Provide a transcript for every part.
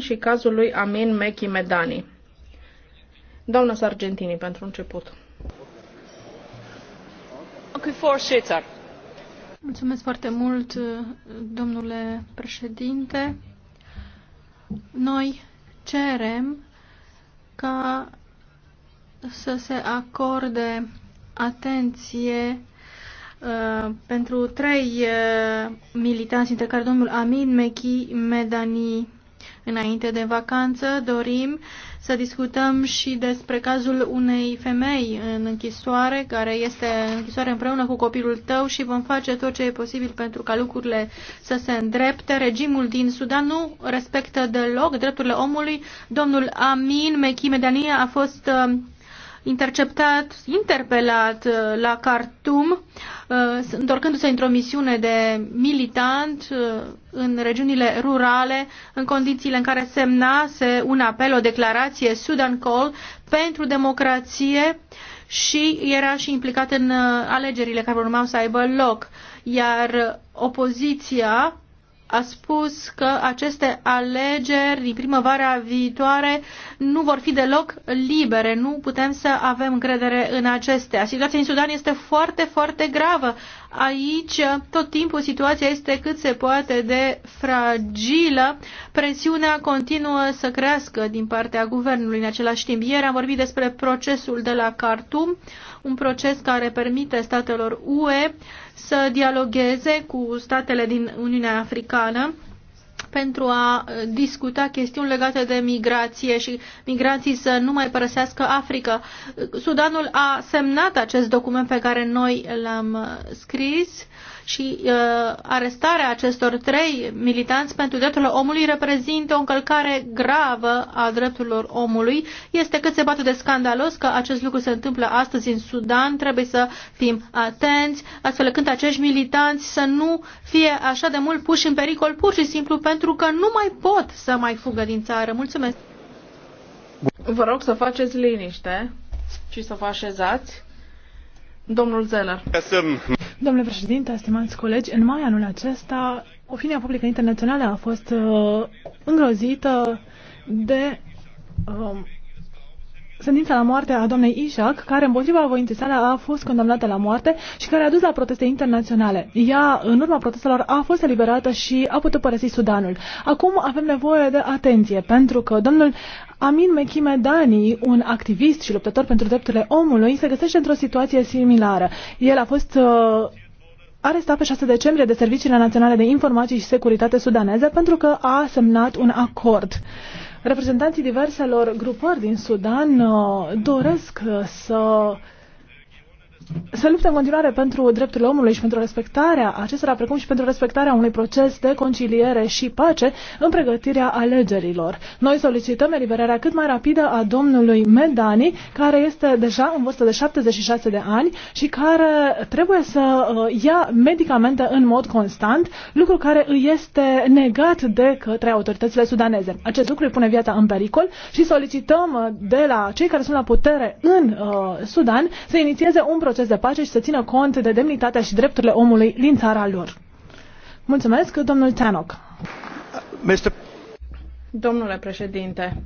și cazul lui Amin Mechi Medani. Doamna Sargentini, pentru început. Mulțumesc foarte mult, domnule președinte. Noi cerem ca să se acorde atenție Uh, pentru trei uh, militanți, între care domnul Amin Mechi Medani Înainte de vacanță dorim să discutăm și despre cazul unei femei în închisoare, care este în închisoare împreună cu copilul tău și vom face tot ce e posibil pentru ca lucrurile să se îndrepte. Regimul din Sudan nu respectă deloc drepturile omului. Domnul Amin Mechimedania a fost uh, interceptat, interpelat uh, la Khartoum, uh, întorcându-se într-o misiune de militant uh, în regiunile rurale, în condițiile în care semnase un apel, o declarație Sudan Call pentru democrație și era și implicat în alegerile care urmau să aibă loc. Iar opoziția a spus că aceste alegeri din primăvara viitoare nu vor fi deloc libere. Nu putem să avem încredere în acestea. Situația în Sudan este foarte, foarte gravă. Aici tot timpul situația este cât se poate de fragilă. Presiunea continuă să crească din partea guvernului în același timp. Ieri am vorbit despre procesul de la Khartoum, un proces care permite statelor UE să dialogueze cu statele din Uniunea Africană pentru a uh, discuta chestiuni legate de migrație și migrații să nu mai părăsească Africa. Uh, Sudanul a semnat acest document pe care noi l-am uh, scris uh, și uh, arestarea acestor trei militanți pentru drepturile omului reprezintă o încălcare gravă a drepturilor omului. Este cât se poate de scandalos că acest lucru se întâmplă astăzi în Sudan. Trebuie să fim atenți, astfel când acești militanți să nu fie așa de mult puși în pericol pur și simplu pentru că nu mai pot să mai fugă din țară. Mulțumesc! Vă rog să faceți liniște și să vă așezați. Domnul Zeller. Domnule președinte, stimați colegi, în mai anul acesta, opinia publică internațională a fost uh, îngrozită de uh, sentința la moarte a doamnei Ishak, care împotriva voinței sale a fost condamnată la moarte și care a dus la proteste internaționale. Ea, în urma protestelor, a fost eliberată și a putut părăsi Sudanul. Acum avem nevoie de atenție, pentru că domnul Amin Dani, un activist și luptător pentru drepturile omului, se găsește într-o situație similară. El a fost uh, arestat pe 6 decembrie de Serviciile Naționale de Informații și Securitate sudaneze pentru că a semnat un acord. Reprezentanții diverselor grupări din Sudan uh, doresc uh, să să luptă în continuare pentru drepturile omului și pentru respectarea acestora, precum și pentru respectarea unui proces de conciliere și pace în pregătirea alegerilor. Noi solicităm eliberarea cât mai rapidă a domnului Medani, care este deja în vârstă de 76 de ani și care trebuie să uh, ia medicamente în mod constant, lucru care îi este negat de către autoritățile sudaneze. Acest lucru îi pune viața în pericol și solicităm uh, de la cei care sunt la putere în uh, Sudan să inițieze un proces de pace și să țină cont de demnitatea și drepturile omului din țara lor. Mulțumesc, domnul Tanok. Mr. Domnule președinte,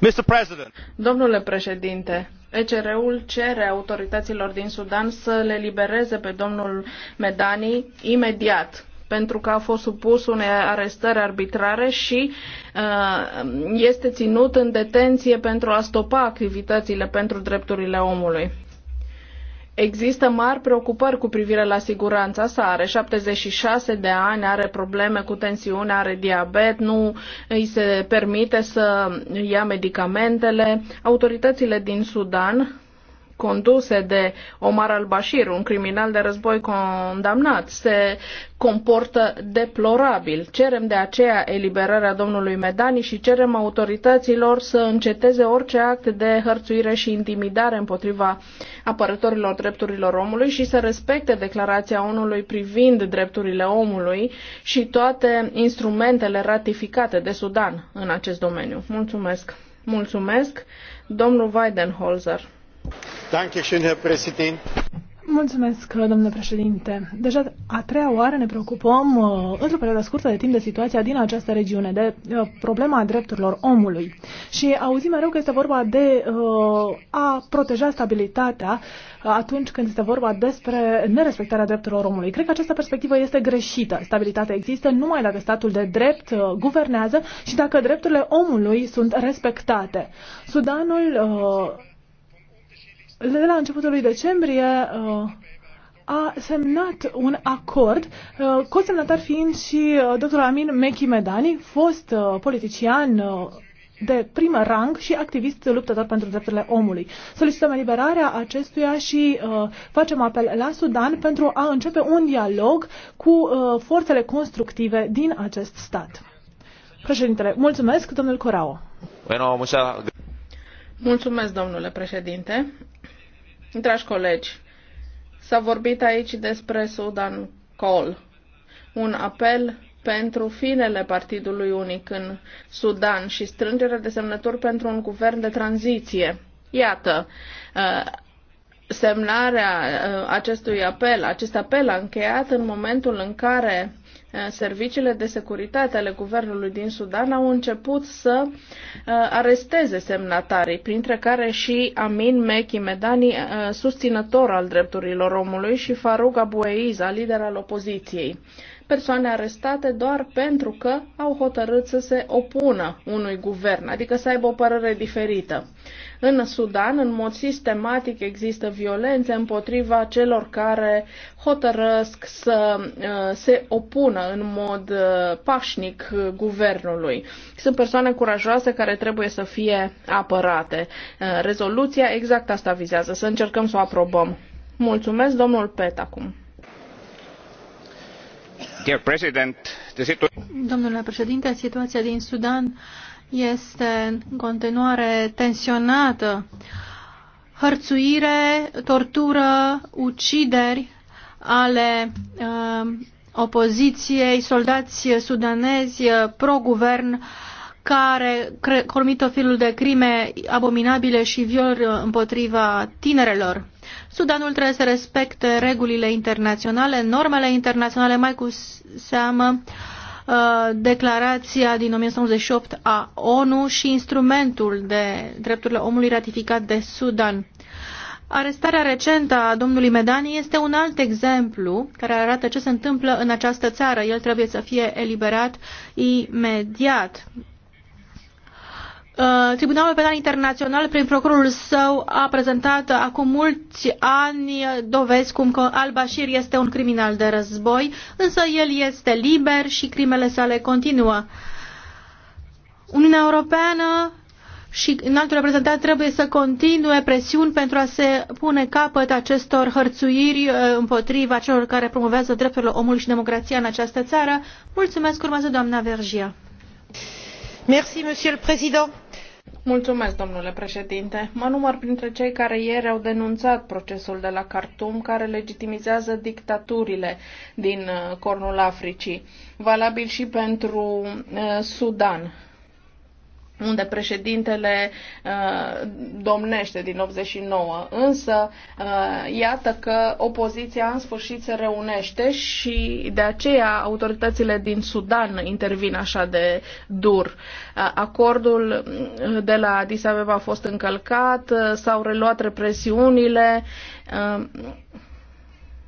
Mr. President. Domnule președinte, ECR ul cere autorităților din Sudan să le libereze pe domnul Medani imediat pentru că a fost supus unei arestări arbitrare și uh, este ținut în detenție pentru a stopa activitățile pentru drepturile omului. Există mari preocupări cu privire la siguranța sa. Are 76 de ani, are probleme cu tensiune, are diabet, nu îi se permite să ia medicamentele. Autoritățile din Sudan conduse de Omar al-Bashir, un criminal de război condamnat, se comportă deplorabil. Cerem de aceea eliberarea domnului Medani și cerem autorităților să înceteze orice act de hărțuire și intimidare împotriva apărătorilor drepturilor omului și să respecte declarația ONU-ului privind drepturile omului și toate instrumentele ratificate de Sudan în acest domeniu. Mulțumesc! Mulțumesc, domnul Weidenholzer. Mulțumesc, domnule președinte. Deja a treia oară ne preocupăm, uh, într-o perioadă scurtă de timp, de situația din această regiune, de uh, problema drepturilor omului. Și auzim mereu că este vorba de uh, a proteja stabilitatea atunci când este vorba despre nerespectarea drepturilor omului. Cred că această perspectivă este greșită. Stabilitatea există numai dacă statul de drept guvernează și dacă drepturile omului sunt respectate. Sudanul de la începutul lui decembrie uh, a semnat un acord, uh, cosemnatar fiind și uh, dr. Amin Mechi Medani, fost politician de prim rang și activist luptător pentru drepturile omului. Solicităm eliberarea acestuia și uh, facem apel la Sudan pentru a începe un dialog cu uh, forțele constructive din acest stat. Președintele, mulțumesc, domnul Corao. Mulțumesc, domnule președinte. Dragi colegi, s-a vorbit aici despre Sudan Call, un apel pentru finele Partidului Unic în Sudan și strângerea de semnături pentru un guvern de tranziție. Iată, uh, semnarea uh, acestui apel, acest apel a încheiat în momentul în care Eh, serviciile de securitate ale guvernului din Sudan au început să eh, aresteze semnatarii, printre care și Amin Meki Medani, eh, susținător al drepturilor omului, și Farug Abueiza, lider al opoziției persoane arestate doar pentru că au hotărât să se opună unui guvern, adică să aibă o părere diferită. În Sudan, în mod sistematic, există violențe împotriva celor care hotărăsc să uh, se opună în mod uh, pașnic uh, guvernului. Sunt persoane curajoase care trebuie să fie apărate. Rezoluția exact asta vizează, să încercăm să o aprobăm. Mulțumesc, domnul Pet, acum. Domnule președinte, situația din Sudan este în continuare tensionată. Hărțuire, tortură, ucideri ale uh, opoziției, soldați sudanezi uh, pro-guvern care comit o felul de crime abominabile și viol uh, împotriva tinerelor. Sudanul trebuie să respecte regulile internaționale, normele internaționale, mai cu seamă uh, declarația din 1998 a ONU și instrumentul de drepturile omului ratificat de Sudan. Arestarea recentă a domnului Medani este un alt exemplu care arată ce se întâmplă în această țară. El trebuie să fie eliberat imediat. Uh, Tribunalul Penal Internațional, prin procurorul său, a prezentat acum mulți ani dovezi cum că al-Bashir este un criminal de război, însă el este liber și crimele sale continuă. Uniunea Europeană și înaltul reprezentant trebuie să continue presiuni pentru a se pune capăt acestor hărțuiri uh, împotriva celor care promovează drepturile omului și democrația în această țară. Mulțumesc, urmează doamna Vergia. Merci, monsieur le président Mulțumesc, domnule președinte. Mă număr printre cei care ieri au denunțat procesul de la Khartoum, care legitimizează dictaturile din uh, cornul Africii, valabil și pentru uh, Sudan unde președintele uh, domnește din 89. Însă, uh, iată că opoziția în sfârșit se reunește și de aceea autoritățile din Sudan intervin așa de dur. Uh, acordul de la Addis Abeba a fost încălcat, s-au reluat represiunile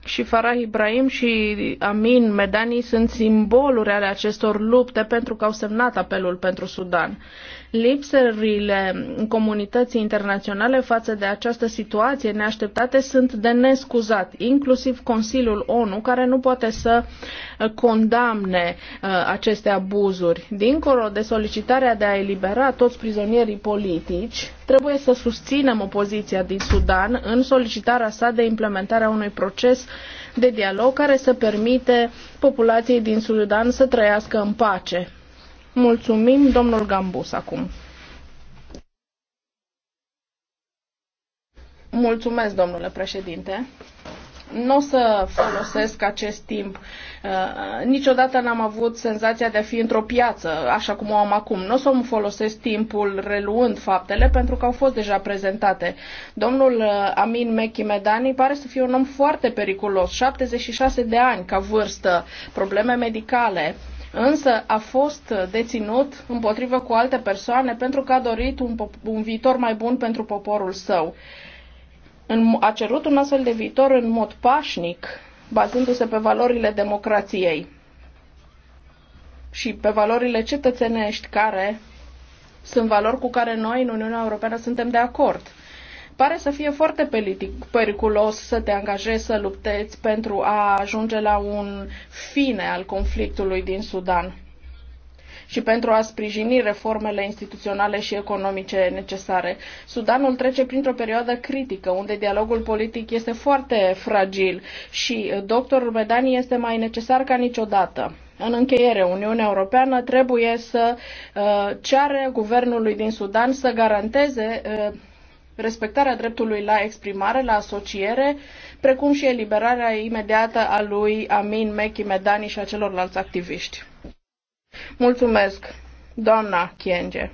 și Farah Ibrahim și Amin Medani sunt simboluri ale acestor lupte pentru că au semnat apelul pentru Sudan. Lipsările comunității internaționale față de această situație neașteptate sunt de nescuzat, inclusiv Consiliul ONU, care nu poate să uh, condamne uh, aceste abuzuri. Dincolo de solicitarea de a elibera toți prizonierii politici, trebuie să susținem opoziția din Sudan în solicitarea sa de implementarea unui proces de dialog care să permite populației din Sudan să trăiască în pace. Mulțumim, domnul Gambus, acum. Mulțumesc, domnule președinte. Nu o să folosesc acest timp. Uh, niciodată n-am avut senzația de a fi într-o piață, așa cum o am acum. Nu o să-mi folosesc timpul reluând faptele, pentru că au fost deja prezentate. Domnul uh, Amin Mechi Medani pare să fie un om foarte periculos, 76 de ani ca vârstă, probleme medicale, uh, însă a fost deținut împotrivă cu alte persoane pentru că a dorit un, un viitor mai bun pentru poporul său. În, a cerut un astfel de viitor în mod pașnic, bazându-se pe valorile democrației și pe valorile cetățenești care sunt valori cu care noi în Uniunea Europeană suntem de acord. Pare să fie foarte periculos să te angajezi să lupteți pentru a ajunge la un fine al conflictului din Sudan și pentru a sprijini reformele instituționale și economice necesare. Sudanul trece printr-o perioadă critică, unde dialogul politic este foarte fragil și doctorul Medani este mai necesar ca niciodată. În încheiere, Uniunea Europeană trebuie să uh, ceară guvernului din Sudan să garanteze uh, respectarea dreptului la exprimare, la asociere, precum și eliberarea imediată a lui Amin Mechi Medani și a celorlalți activiști. Mulțumesc, doamna Chienge.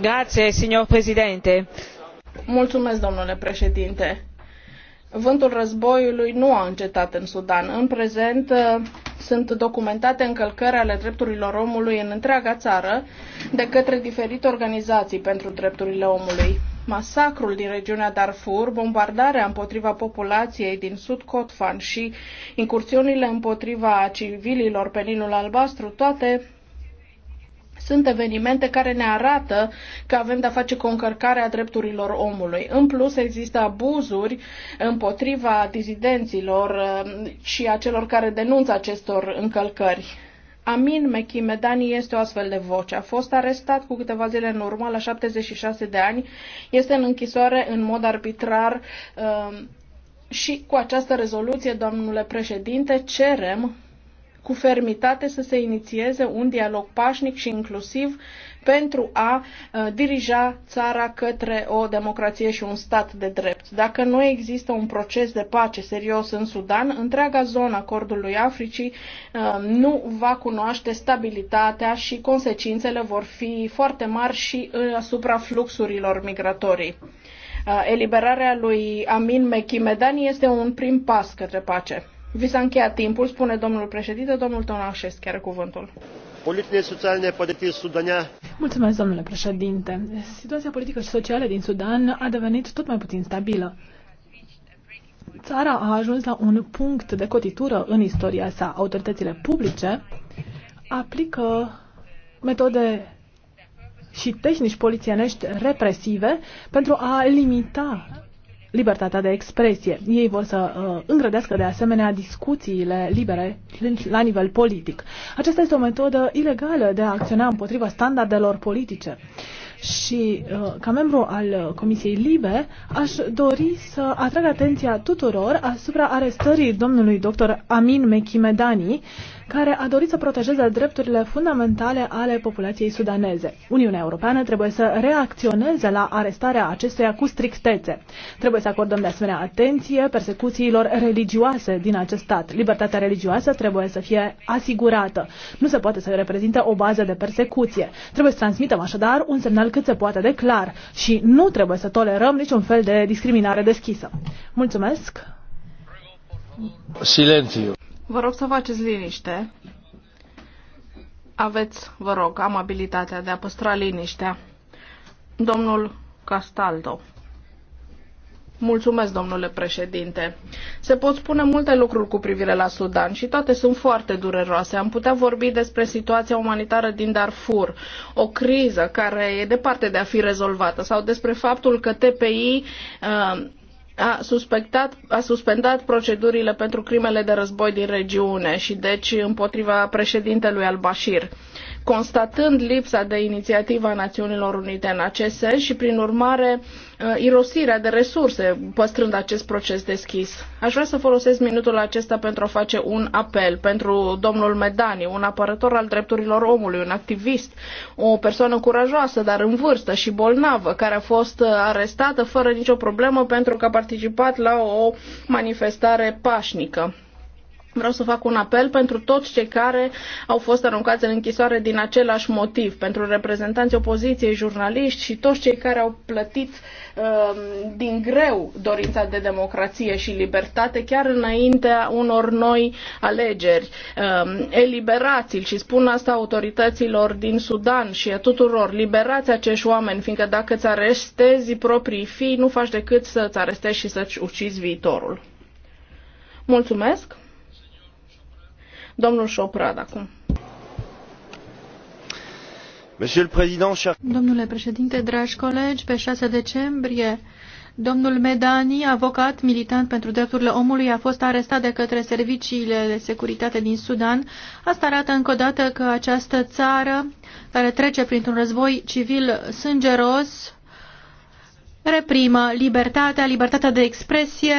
Grazie, signor președinte. Mulțumesc, domnule președinte. Vântul războiului nu a încetat în Sudan. În prezent, sunt documentate încălcări ale drepturilor omului în întreaga țară de către diferite organizații pentru drepturile omului. Masacrul din regiunea Darfur, bombardarea împotriva populației din sud Kotfan și incursiunile împotriva civililor pe Nilul Albastru, toate sunt evenimente care ne arată că avem de-a face cu o încărcare a drepturilor omului. În plus, există abuzuri împotriva dizidenților um, și a celor care denunță acestor încălcări. Amin Mechimedani este o astfel de voce. A fost arestat cu câteva zile în urmă, la 76 de ani. Este în închisoare în mod arbitrar um, și cu această rezoluție, domnule președinte, cerem cu fermitate să se inițieze un dialog pașnic și inclusiv pentru a uh, dirija țara către o democrație și un stat de drept. Dacă nu există un proces de pace serios în Sudan, întreaga zonă a Cordului Africii uh, nu va cunoaște stabilitatea și consecințele vor fi foarte mari și uh, asupra fluxurilor migratorii. Eliberarea lui Amin Mekimedani este un prim pas către pace. Vi s-a încheiat timpul, spune domnul președinte, domnul Tonașesc, chiar cuvântul. Politice sociale politice sudania. Mulțumesc, domnule președinte. Situația politică și socială din Sudan a devenit tot mai puțin stabilă. Țara a ajuns la un punct de cotitură în istoria sa. Autoritățile publice aplică metode și tehnici polițienești represive pentru a limita libertatea de expresie. Ei vor să uh, îngrădească de asemenea discuțiile libere la nivel politic. Aceasta este o metodă ilegală de a acționa împotriva standardelor politice. Și uh, ca membru al Comisiei Libe aș dori să atrag atenția tuturor asupra arestării domnului dr. Amin Mechimedani, uh, care a dorit să protejeze drepturile fundamentale ale populației sudaneze. Uniunea Europeană trebuie să reacționeze la arestarea acestuia cu strictețe. Trebuie să acordăm de asemenea atenție persecuțiilor religioase din acest stat. Libertatea religioasă trebuie să fie asigurată. Nu se poate să reprezinte o bază de persecuție. Trebuie să transmitem așadar un semnal cât se poate de clar și nu trebuie să tolerăm niciun fel de discriminare deschisă. Mulțumesc! Silențiu! Vă rog să faceți liniște. Aveți, vă rog, amabilitatea de a păstra liniștea. Domnul Castaldo. Mulțumesc, domnule președinte. Se pot spune multe lucruri cu privire la Sudan și toate sunt foarte dureroase. Am putea vorbi despre situația umanitară din Darfur, o criză care e departe de a fi rezolvată, sau despre faptul că TPI uh, a, suspectat, a suspendat procedurile pentru crimele de război din regiune și deci împotriva președintelui al-Bashir constatând lipsa de inițiativă a Națiunilor Unite în acest sens și, prin urmare, uh, irosirea de resurse, păstrând acest proces deschis. Aș vrea să folosesc minutul acesta pentru a face un apel pentru domnul Medani, un apărător al drepturilor omului, un activist, o persoană curajoasă, dar în vârstă și bolnavă, care a fost uh, arestată fără nicio problemă pentru că a participat la o manifestare pașnică Vreau să fac un apel pentru toți cei care au fost aruncați în închisoare din același motiv, pentru reprezentanții opoziției, jurnaliști și toți cei care au plătit um, din greu dorința de democrație și libertate, chiar înaintea unor noi alegeri. Um, eliberați-l și spun asta autorităților din Sudan și a tuturor, liberați acești oameni, fiindcă dacă îți arestezi proprii fii, nu faci decât să îți arestezi și să-ți ucizi viitorul. Mulțumesc! Domnul Șoprad acum. Domnule președinte, dragi colegi, pe 6 decembrie Domnul Medani, avocat militant pentru drepturile omului, a fost arestat de către serviciile de securitate din Sudan. Asta arată încă o dată că această țară, care trece printr-un război civil sângeros, reprimă libertatea, libertatea de expresie,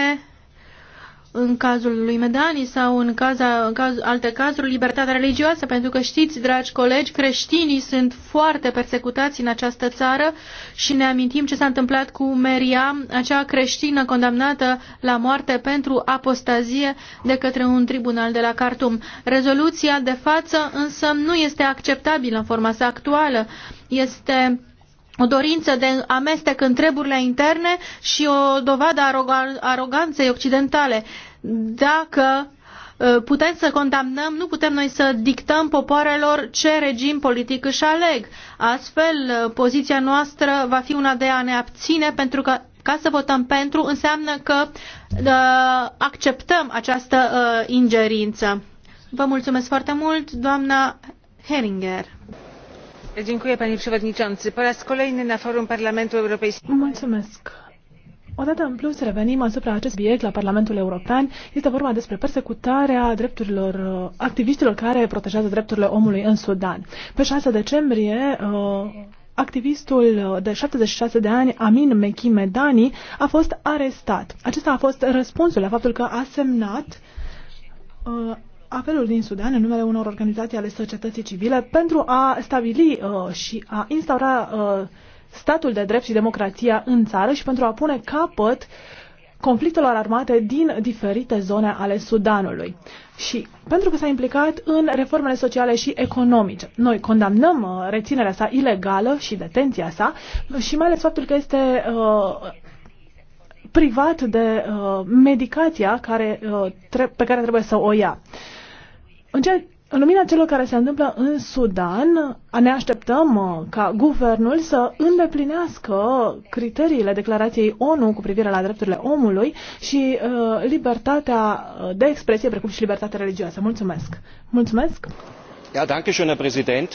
în cazul lui Medani sau în, caz, în caz, alte cazuri libertatea religioasă, pentru că știți, dragi colegi, creștinii sunt foarte persecutați în această țară și ne amintim ce s-a întâmplat cu Meria, acea creștină condamnată la moarte pentru apostazie de către un tribunal de la Khartoum. Rezoluția de față însă nu este acceptabilă în forma sa actuală. Este o dorință de amestec în treburile interne și o dovadă a aroganței occidentale. Dacă ă, putem să condamnăm, nu putem noi să dictăm popoarelor ce regim politic își aleg. Astfel, ă, poziția noastră va fi una de a ne abține pentru că ca să votăm pentru înseamnă că uh, acceptăm această uh, ingerință. Vă mulțumesc foarte mult, doamna Heringer panie przewodniczący! po raz kolejny na forum parlamentu europejskiego. odată în plus revenim asupra acestui subiect la parlamentul european este vorba despre persecutarea drepturilor uh, activiștilor care protejează drepturile omului în sudan. pe 6 decembrie uh, activistul de 76 de ani Amin Mekhi Medani a fost arestat. Acesta a fost răspunsul la faptul că a semnat uh, apelul din Sudan în numele unor organizații ale societății civile pentru a stabili uh, și a instaura uh, statul de drept și democrația în țară și pentru a pune capăt conflictelor armate din diferite zone ale Sudanului. Și pentru că s-a implicat în reformele sociale și economice. Noi condamnăm uh, reținerea sa ilegală și detenția sa și mai ales faptul că este uh, privat de uh, medicația care, uh, pe care trebuie să o ia. Uh, în, ce, în lumina celor care se întâmplă în Sudan, ne așteptăm uh, ca guvernul să îndeplinească criteriile declarației ONU cu privire la drepturile omului și uh, libertatea uh, de expresie, precum și libertatea religioasă. Mulțumesc! Mulțumesc! Ja, danke schön, Herr Präsident.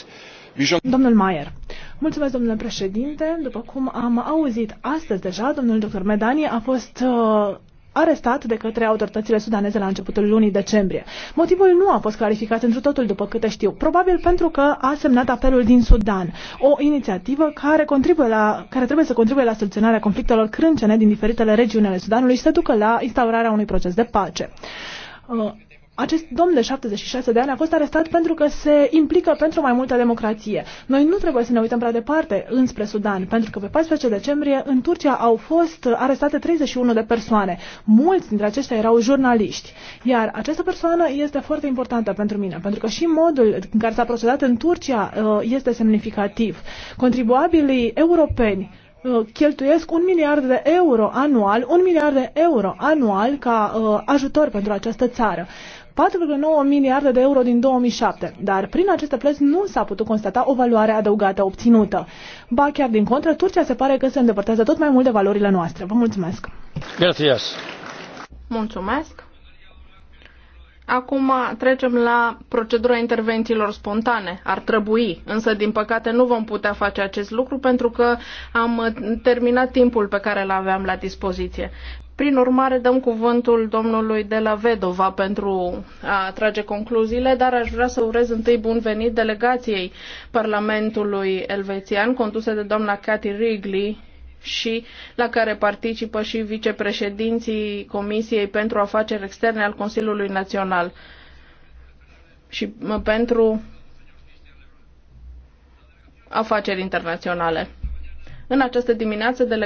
Domnul Maier. Mulțumesc, domnule președinte. După cum am auzit astăzi deja, domnul dr. Medani a fost uh, arestat de către autoritățile sudaneze la începutul lunii decembrie. Motivul nu a fost clarificat într totul, după câte știu, probabil pentru că a semnat apelul din Sudan, o inițiativă care, contribuie la, care trebuie să contribuie la soluționarea conflictelor crâncene din diferitele regiuni ale Sudanului și să ducă la instaurarea unui proces de pace. Uh, acest domn de 76 de ani a fost arestat pentru că se implică pentru mai multă democrație. Noi nu trebuie să ne uităm prea departe înspre Sudan, pentru că pe 14 decembrie în Turcia au fost arestate 31 de persoane. Mulți dintre aceștia erau jurnaliști. Iar această persoană este foarte importantă pentru mine, pentru că și modul în care s-a procedat în Turcia uh, este semnificativ. Contribuabilii europeni uh, cheltuiesc un miliard de euro anual, un miliard de euro anual ca uh, ajutor pentru această țară miliarde de euro din 2007, dar prin aceste plăți nu s-a putut constata o valoare adăugată obținută. Ba chiar din contră, Turcia se pare că se îndepărtează tot mai mult de valorile noastre. Vă mulțumesc! Gracias. Mulțumesc! Acum trecem la procedura intervențiilor spontane. Ar trebui, însă din păcate nu vom putea face acest lucru pentru că am terminat timpul pe care l aveam la dispoziție. Prin urmare, dăm cuvântul domnului de la Vedova pentru a trage concluziile, dar aș vrea să urez întâi bun venit delegației Parlamentului elvețian, conduse de doamna Cathy Wrigley și la care participă și vicepreședinții Comisiei pentru Afaceri Externe al Consiliului Național și pentru afaceri internaționale. În această dimineață, delegația